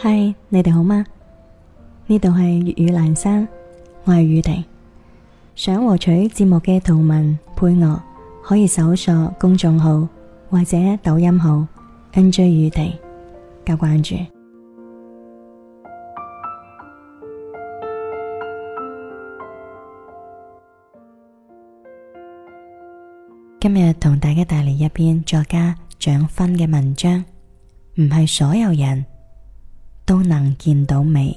嗨，你哋好嗎？呢度係粵語闌珊，我係宇婷。想獲取節目嘅圖文配樂，可以搜索公眾號或者抖音號 NJ 宇婷加關注。今日同大家帶嚟一篇作家蔣勳嘅文章，唔係所有人。都能見到美。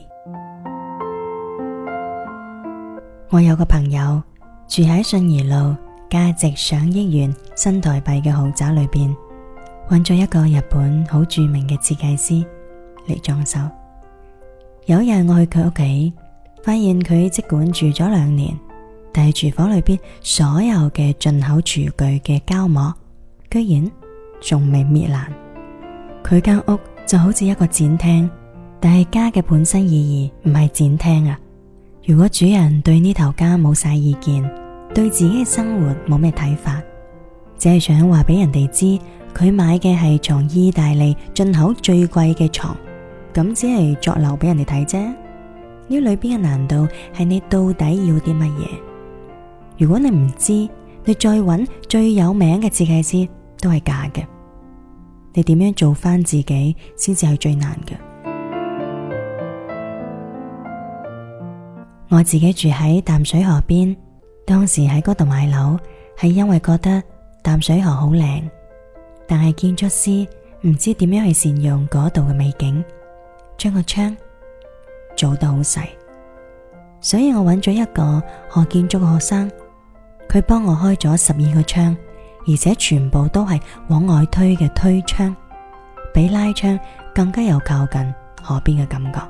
我有個朋友住喺信義路價值上億元新台幣嘅豪宅裏邊，揾咗一個日本好著名嘅設計師嚟裝修有一日我去佢屋企，發現佢即管住咗兩年，但係廚房裏邊所有嘅進口廚具嘅膠膜，居然仲未滅爛。佢間屋就好似一個展廳。但係家嘅本身意義唔係展廳啊！如果主人對呢頭家冇晒意見，對自己嘅生活冇咩睇法，只係想話俾人哋知佢買嘅係從意大利進口最貴嘅床，咁只係作假俾人哋睇啫。呢裏邊嘅難度係你到底要啲乜嘢？如果你唔知，你再搵最有名嘅設計師都係假嘅。你點樣做翻自己先至係最難嘅？我自己住喺淡水河邊，當時喺嗰度買樓，係因為覺得淡水河好靚，但係建築師唔知點樣去善用嗰度嘅美景，將個窗做到好細，所以我揾咗一個學建築嘅學生，佢幫我開咗十二個窗，而且全部都係往外推嘅推窗，比拉窗更加有靠近河邊嘅感覺。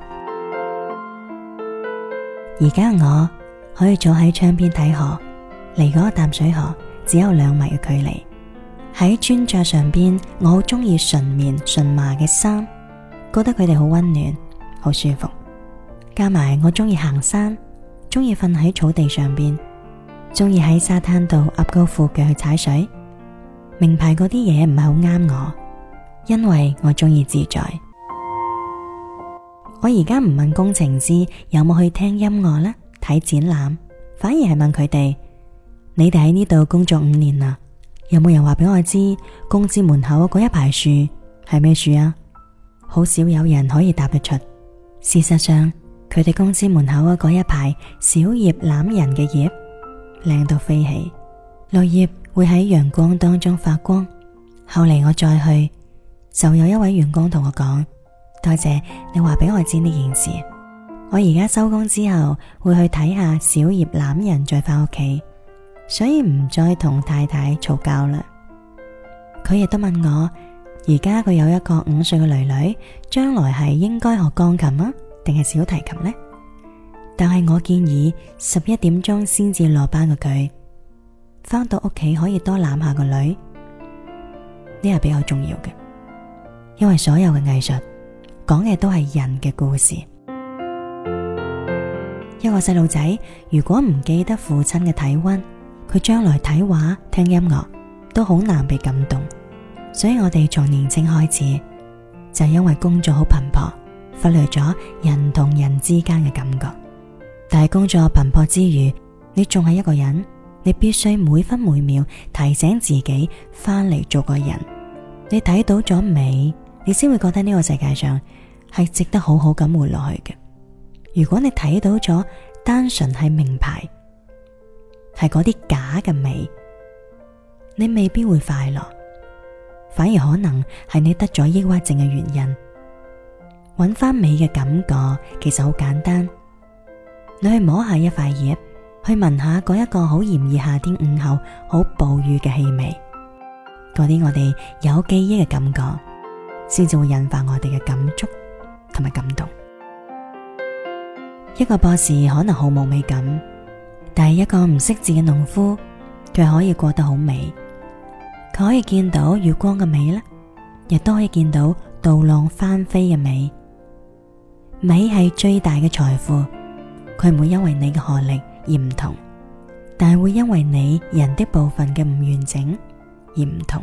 而家我可以坐喺窗邊睇河，離嗰個淡水河只有兩米嘅距離。喺穿着上邊，我好中意純棉純麻嘅衫，覺得佢哋好溫暖、好舒服。加埋我中意行山，中意瞓喺草地上邊，中意喺沙灘度揼高褲腳去踩水。名牌嗰啲嘢唔係好啱我，因為我中意自在。我而家唔問工程師有冇去聽音樂啦，睇展覽，反而係問佢哋：你哋喺呢度工作五年啦，有冇人話俾我知公司門口嗰一排樹係咩樹啊？好少有人可以答得出。事實上，佢哋公司門口嗰一排小葉欖仁嘅葉，靚到飛起，落葉會喺陽光當中發光。後嚟我再去，就有一位員工同我講。多謝你話俾我知呢件事，我而家收工之後會去睇下小葉欖仁再翻屋企，所以唔再同太太嘈交啦。佢亦都問我，而家佢有一個五歲嘅女女，將來係應該學鋼琴啊，定係小提琴呢？但係我建議十一點鐘先至落班嘅佢，翻到屋企可以多攬下個女，呢係比較重要嘅，因為所有嘅藝術。講嘅都係人嘅故事。一個細路仔如果唔記得父親嘅體溫，佢將來睇畫、聽音樂都好難被感動。所以我哋從年輕開始，就因為工作好頻撲，忽略咗人同人之間嘅感覺。但係工作頻撲之餘，你仲係一個人，你必須每分每秒提醒自己返嚟做個人。你睇到咗美，你先會覺得呢個世界上，係值得好好咁活落去嘅。如果你睇到咗單純係名牌，係嗰啲假嘅美，你未必會快樂，反而可能係你得咗抑鬱症嘅原因。搵翻美嘅感覺其實好簡單，你去摸下一塊葉，去聞下嗰一個好炎熱夏天午後好暴雨嘅氣味，嗰啲我哋有記憶嘅感覺，先至會引發我哋嘅感觸。同埋感動，一個博士可能毫無美感，但係一個唔識字嘅農夫，佢可以過得好美，佢可以見到月光嘅美啦，亦都可以見到稻浪翻飛嘅美。美係最大嘅財富，佢唔會因為你嘅學歷而唔同，但係會因為你人的部分嘅唔完整而唔同。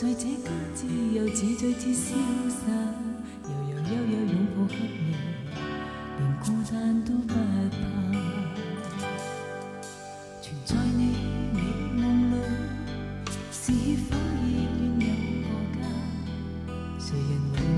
在這家自由自在似瀟灑，悠悠悠悠，擁抱黑夜，連孤單都不怕。存在你美夢裏，是否已願有個家？誰人為？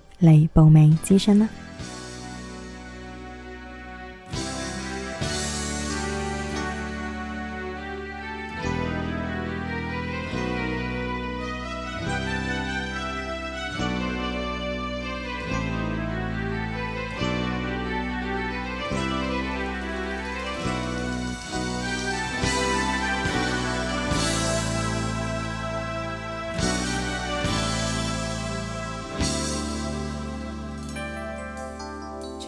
嚟報名諮詢啦！